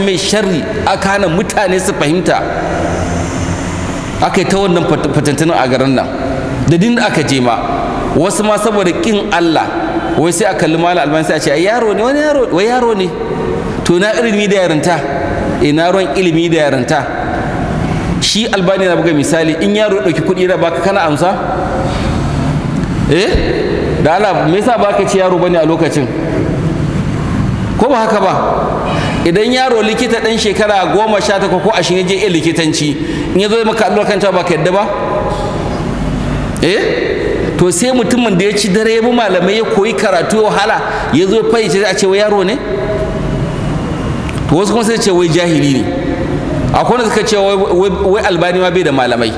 mai sharri aka hana mutane su fahimta aka yi ta wannan fatantunan a garin nan da din aka je ma wasu ma saboda kin Allah wai sai a kalli malam albani sai a ce yaro ne wani yaro wai yaro ne to na ilimi da yarinta eh, ina ruwan ilimi da yarinta shi albani na buga misali in yaro ya dauki kuɗi da baka kana amsa eh da Allah me yasa baka ci yaro bane a lokacin ko ba haka ba idan yaro likita ɗan shekara goma sha takwa ko ashirin je iya likitanci in ya zo maka allura kanta ba ka yadda ba eh to sai mutumin da ya ci dare ya bi malamai ya koyi karatu ya wahala ya zo ce a ce wai yaro ne to wasu kuma sai ce wai jahili ne akwai wanda suka ce wai albani ma bai da malamai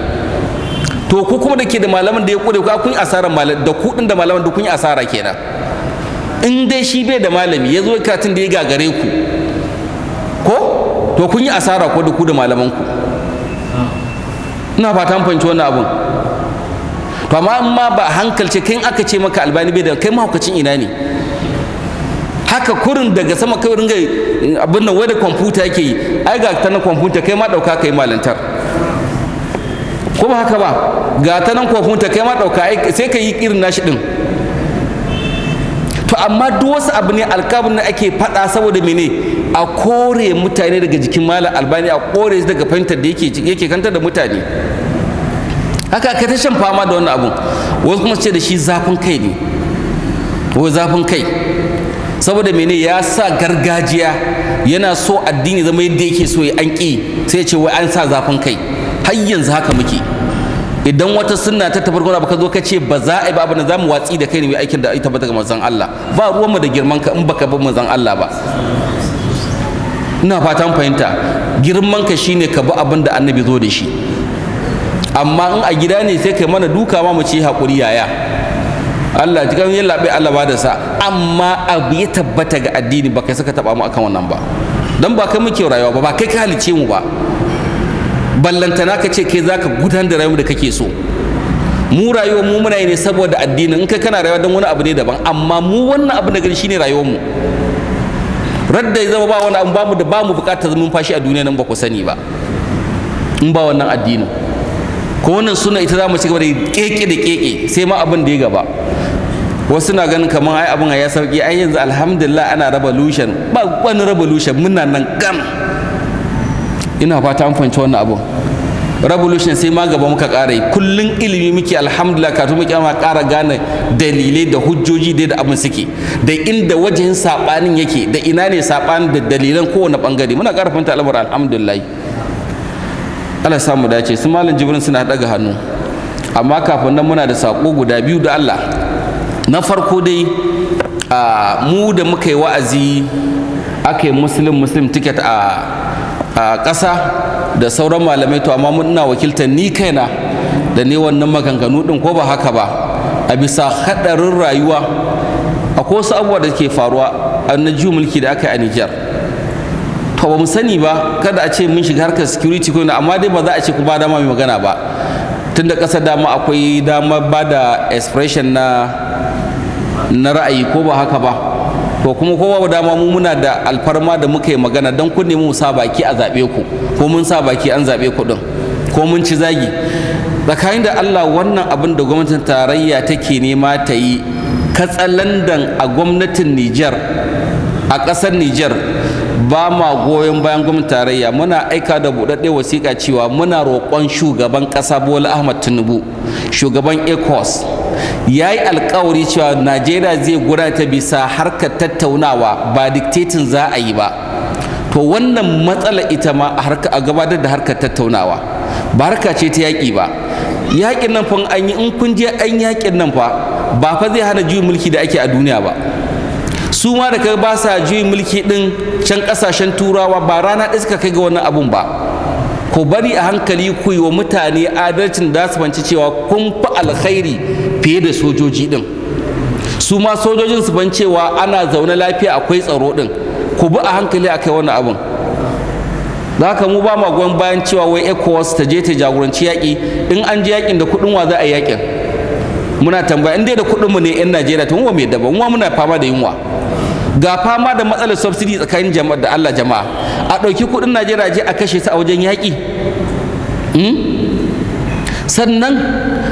to ku kuma da ke da malaman da ya kure ku kun asarar malam da ku da malaman da kun yi asara kenan in dai shi bai da malami ya zo karatun da ya gagare ku to kun yi asara ko duku da malamanku ina fatan mun fahimci wannan abun to amma in ma ba hankalce kai aka ce maka albani bai da kai mahaukacin ina ne haka kurin daga sama kai ringa abin nan wadda kwamfuta yake yi ai ga ta na kwamfuta kai ma ɗauka kai malantar ko ba haka ba ga ta nan kwamfuta kai ma ɗauka sai ka yi irin nashi ɗin to amma duk wasu abu ne alkabun na ake faɗa saboda mene a kore mutane daga jikin malam albani a kore su daga fahimtar da yake kantar da mutane haka ka ta shan fama da wannan abu. wasu kuma ce da shi zafin kai ne ko zafin kai saboda mene ya sa gargajiya yana so addini zama yadda yake so ya an ƙi sai ya ce wai an sa zafin kai har yanzu haka muke idan wata sunna ta tafi gona baka zo ka ce ba za a yi ba abin da za mu watsi da kai ne mai aikin da ita bata ga manzon Allah ba ruwanmu da girman ka in baka bi manzon Allah ba ina fatan fahimta girman ka shine ka bi abin da annabi zo da shi amma in a gida ne sai kai mana duka ma mu ce hakuri yaya Allah ji kan labe Allah ba sa amma abu ya tabbata ga addini ba kai saka taba mu akan wannan ba dan ba kai muke rayuwa ba ba kai ka halice mu ba ballantana ka ce kai za ka gudanar da rayuwar da kake so mu rayuwar mu muna yi ne saboda addinin in kai kana rayuwa don wani abu ne daban amma mu wannan abu na gari shine rayuwar mu radda ya zama ba wani abu bamu da bamu bukatar fashi a duniya nan ba ku sani ba in ba wannan addinin ko wannan suna ita za mu ci gaba da keke da keke sai ma abin da ya gaba wasu na ganin kamar ai abin ya sauki ai yanzu alhamdulillah ana revolution ba wani revolution muna nan gam ina fata an fahimci wannan abu revolution sai ma gaba muka ƙara yi kullum ilimi muke alhamdulillah kafin muke ma ƙara gane dalilai da hujjoji dai da abin suke da inda wajen sabanin yake da ina ne sabanin da dalilan kowane bangare muna ƙara fahimta al'amura alhamdulillah Allah ya samu dace su malam jibrin suna daga hannu amma kafin nan muna da sako guda biyu da Allah na farko dai mu da muka yi wa'azi aka yi muslim muslim ticket a a ƙasa da sauran malamai to amma muna wakiltar ni kaina da ne wannan maganganu din ko ba haka ba a bisa haɗarin rayuwa ko wasu abubuwa da ke faruwa a na mulki da aka yi a Nijar to ba mu sani ba kada a ce mun shiga harkar security ko amma dai ba za a ce ku ba dama mai magana ba tunda ƙasa dama akwai dama ba da expression na na ra'ayi ko ba haka ba to kuma kowa da dama mu muna da alfarma da muka yi magana don kun nemi mu sa baki a zaɓe ku ko mun sa baki an zaɓe ku din ko mun ci zagi tsakanin da Allah wannan abin da gwamnatin tarayya take nema ta yi katsalandan a gwamnatin Nijar a ƙasar Nijar ba ma goyon bayan gwamnatin tarayya muna aika da buɗaɗɗe wasiƙa cewa muna roƙon shugaban ƙasa Bola Ahmad Tinubu shugaban ECOWAS ya yi alkawari cewa najeriya zai gudanta bisa harkar tattaunawa ba diktetin za a yi ba to wannan matsala ita ma a gabatar da harkar tattaunawa ba harka ce ta yaƙi ba yaƙin nan fa an yi in kun je an yaƙin nan fa ba fa zai hana juyin mulki da ake a duniya ba su ma da kai ba sa juyin mulki din can kasashen turawa ba rana ɗaya suka kai ga wannan abun ba ku bari a hankali ku yi wa mutane adalcin da su banci cewa kun fi alkhairi fiye da sojoji din su ma sojojin su ban cewa ana zaune lafiya akwai tsaro din ku bi a hankali akai wannan abin da haka mu ba ma goyon bayan cewa wai ECOWAS ta je ta jagoranci yaƙi in an je yaƙin da kuɗin wa za a yaƙin muna tambaya in dai da kuɗin mu ne 'yan Najeriya ta mu mai mu wa muna fama da yunwa ga fama da matsalar subsidy tsakanin jama'a da Allah jama'a a ɗauki kuɗin Najeriya je a kashe su a wajen yaƙi hmm? sannan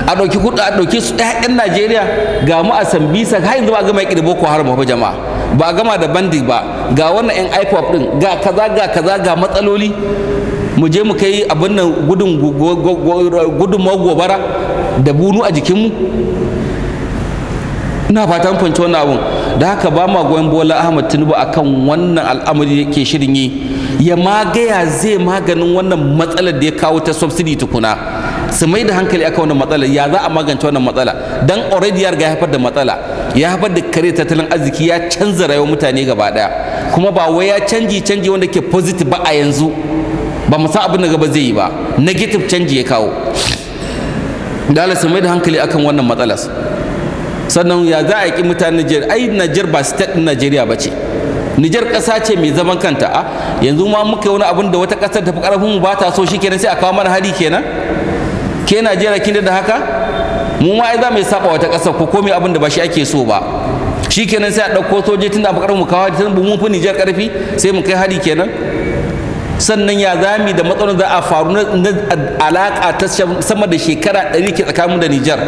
a ɗauki kuɗi a ɗauki su ɗayan Najeriya ga mu a san bisa har yanzu ba a gama yaƙi da Boko Haram ba jama'a ba a gama da bandi ba ga wannan 'yan IPOP din, ga kaza ga kaza ga matsaloli mu je mu kai abin nan gudun gobara da bunu a jikinmu ina fatan fanci wannan abun da haka ba ma goyon bola ahmad tinubu akan wannan al'amari ke shirin yi ya magaya zai maganin wannan matsalar da ya kawo ta subsidy tukuna su mai da hankali akan wannan matsalar ya za a magance wannan matsala dan already ya riga haifar da matsala ya haifar da kare tattalin arziki ya canza rayuwar mutane gaba daya kuma ba wai ya canji canji wanda ke positive ba a yanzu ba mu san abin da gaba zai yi ba negative canji ya kawo dala su mai da hankali akan wannan matsalar sannan ya za a ki mutanen Nijar ai Nijar ba state din Najeriya ba ce Nijar ƙasa ce mai zaman kanta a yanzu ma muka yi wani abin da wata ƙasar tafi ƙarfin mu ba ta so shikenan sai a kawo mana hari kenan ke Najeriya kin da haka mu ma ai za mu saba wata ƙasar ko komai abin da ba shi ake so ba shikenan sai a ɗauko soje tun da abu ƙarfin mu kawo tun mu fi Nijar ƙarfi sai mu kai hari kenan sannan ya zami da matsalolin da a faru na alaƙa ta sama da shekara ɗari ke tsakanin da Nijar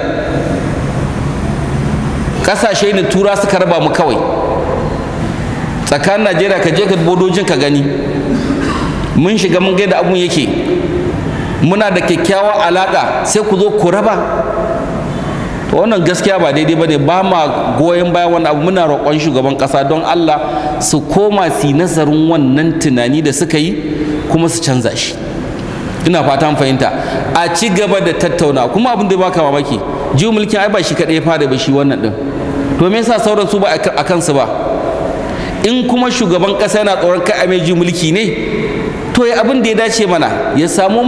kasashe ne tura suka raba mu kawai tsakanin najeriya ka je ka bodojin ka gani mun shiga mun gaida abun yake muna da kyakkyawa alaƙa sai ku zo ku raba to wannan gaskiya ba daidai ba ne ba ma goyon baya wani abu muna roƙon shugaban ƙasa don allah su koma su nazarin wannan tunani da suka yi kuma su canza shi ina fatan fahimta a ci gaba da tattauna kuma abin da ba ka mamaki jiyo mulkin ai ba shi kaɗai ya fara ba shi wannan ɗin to me yasa sauran su ba a kansu ba in kuma shugaban kasa yana tsoron kai a ji mulki ne to ya abin da ya dace mana ya samu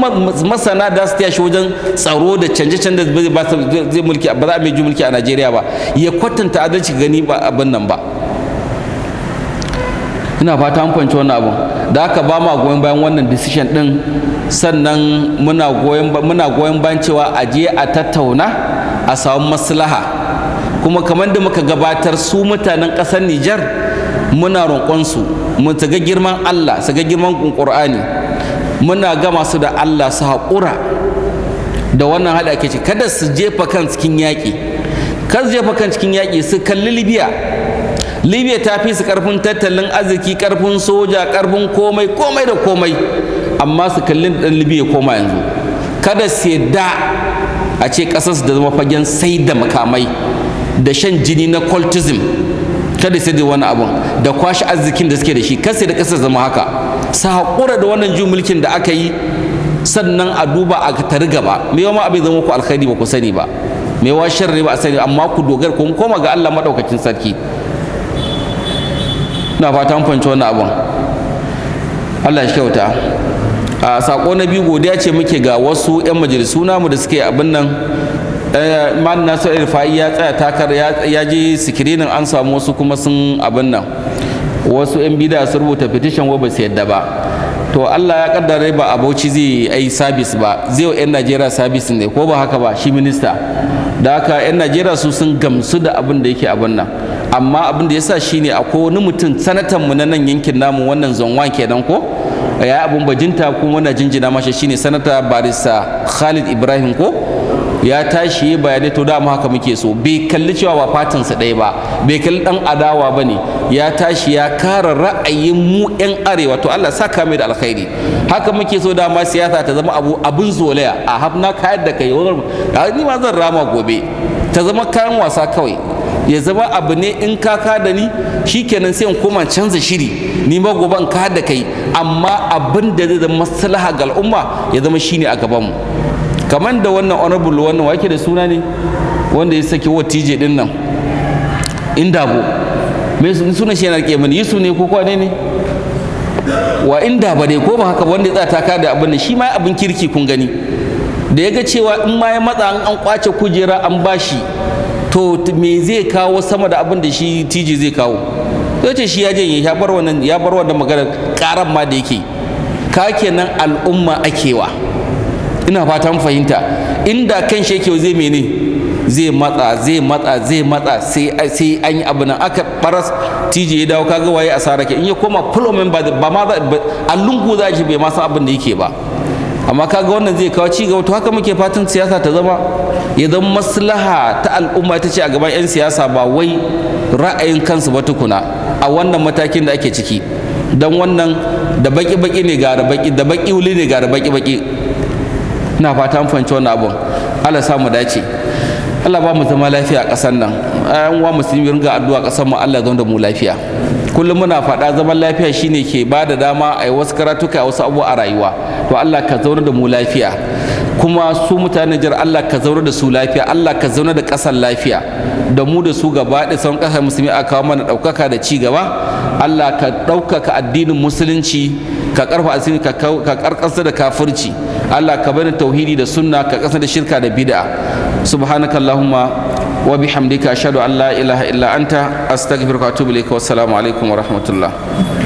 masana da su shi wajen tsaro da canje-canje da zai mulki ba za a ji mulki a Najeriya ba ya kwatanta adalci gani ba abin nan ba ina fata an fahimci wannan abin da aka ba mu goyon bayan wannan decision din sannan muna goyon muna goyon bayan cewa a je a tattauna a samu maslaha kuma kamar da muka gabatar su mutanen ƙasar Nijar muna roƙonsu mu ga girman Allah su ga girman Qur'ani muna gama su da Allah su haƙura da wannan hada ake ce kada su jefa kan cikin yaƙi kan su jefa kan cikin yaƙi su kalli Libya Libya ta fi su ƙarfin tattalin arziki ƙarfin soja ƙarfin komai komai da komai amma su kalli ɗan Libya koma yanzu kada su yadda a ce su da zama fagen sai da makamai da shan jini na cultism kada sai da wani abun da kwashi arzikin da suke da shi kasa da kasa zama haka sa haƙura da wannan jin mulkin da aka yi sannan a duba a tari gaba me ma abin zama ku alkhairi ba ku sani ba me wa sharri ba a sani amma ku dogar ku koma ga Allah madaukakin sarki na fata mun fanci wannan abun Allah ya kyauta a sako na biyu godiya ce muke ga wasu 'yan majalisu namu da suke abin nan Eh, man nasu irfa'i ya tsaya takar ya je sikirinin an samu wasu kuma sun abin nan wasu 'yan bida su rubuta petition wa ba su yadda ba to Allah ya kaddare ba abauci zai yi sabis ba zai 'yan Najeriya sabis ne ko ba haka ba shi minista da haka 'yan Najeriya su sun gamsu da abin da yake abin nan amma abin da ya sa shine akwai wani mutum sanatan mu na nan yankin namu wannan zonwa kenan ko ya abin bajinta kuma wannan jinjina mashi shine sanata barista Khalid Ibrahim ko ya tashi ya bayanai to dama haka muke so bai kalli cewa ba fatan fatinsa ɗaya ba bai kalli ɗan adawa ba ne ya tashi ya kara ra'ayin mu 'yan arewa to Allah saka mai da alkhairi haka muke so dama siyasa ta zama abu abin zolaya a hafna kayar da kai ni ma zan rama gobe ta zama kayan wasa kawai ya zama abu ne in ka ka da ni shikenan sai in koma canza shiri ni ma gobe ka da kai amma abin da zai zama maslaha ga al'umma ya zama shine a gaban mu kamar da wannan honorable wannan wake da suna ne wanda ya saki wa tije din nan inda dabo me suna shi yana rike mani yusu ne ko kwane ne wa in ba dai ko ba haka wanda ya taka da abin shi ma abin kirki kun gani da ya ga cewa in ma ya matsa an kwace kujera an bashi to me zai kawo sama da abin da shi tije zai kawo Ya ce shi ya janye ya bar wannan ya bar wannan magana karan ma da yake ka kenan al'umma akewa ina fatan fahimta inda kan shi yake zai mene zai matsa zai matsa zai matsa sai sai an yi abu nan aka faras tije ya dawo kaga waye asara ke in ya koma full on ba ba ma a lungu za shi bai ma san abin da yake ba amma kaga wannan zai kawo ci gaba to haka muke fatan siyasa ta zama ya zama maslaha ta al'umma ta ce a gaban 'yan siyasa ba wai ra'ayin kansu ba tukuna a wannan matakin da ake ciki don wannan da baki-baki ne ga baki da baki wuli ne ga baki-baki na fata an fahimci wannan abun Allah sa mu dace Allah ba mu zama lafiya a ƙasar nan ayan uwa musulmi ringa addu'a ƙasar mu Allah zama da mu lafiya kullum muna fada zaman lafiya shine ke ba da dama a yi wasu karatuka a wasu abubuwa a rayuwa to Allah ka zauna da mu lafiya kuma su mutanen jar Allah ka zauna da su lafiya Allah ka zauna da ƙasar lafiya da mu da su gaba da sauran ƙasar musulmi a kawo mana ɗaukaka da ci gaba Allah ka ɗaukaka addinin musulunci ka ƙarfa asiri ka ƙarƙasa da kafirci Allah ka bani tauhidi da sunna ka ƙasa da shirka da bid'a allahumma wa bihamdika ashhadu an la ilaha illa anta astaghfiruka wa atubu ilaik wa assalamu alaikum wa rahmatullah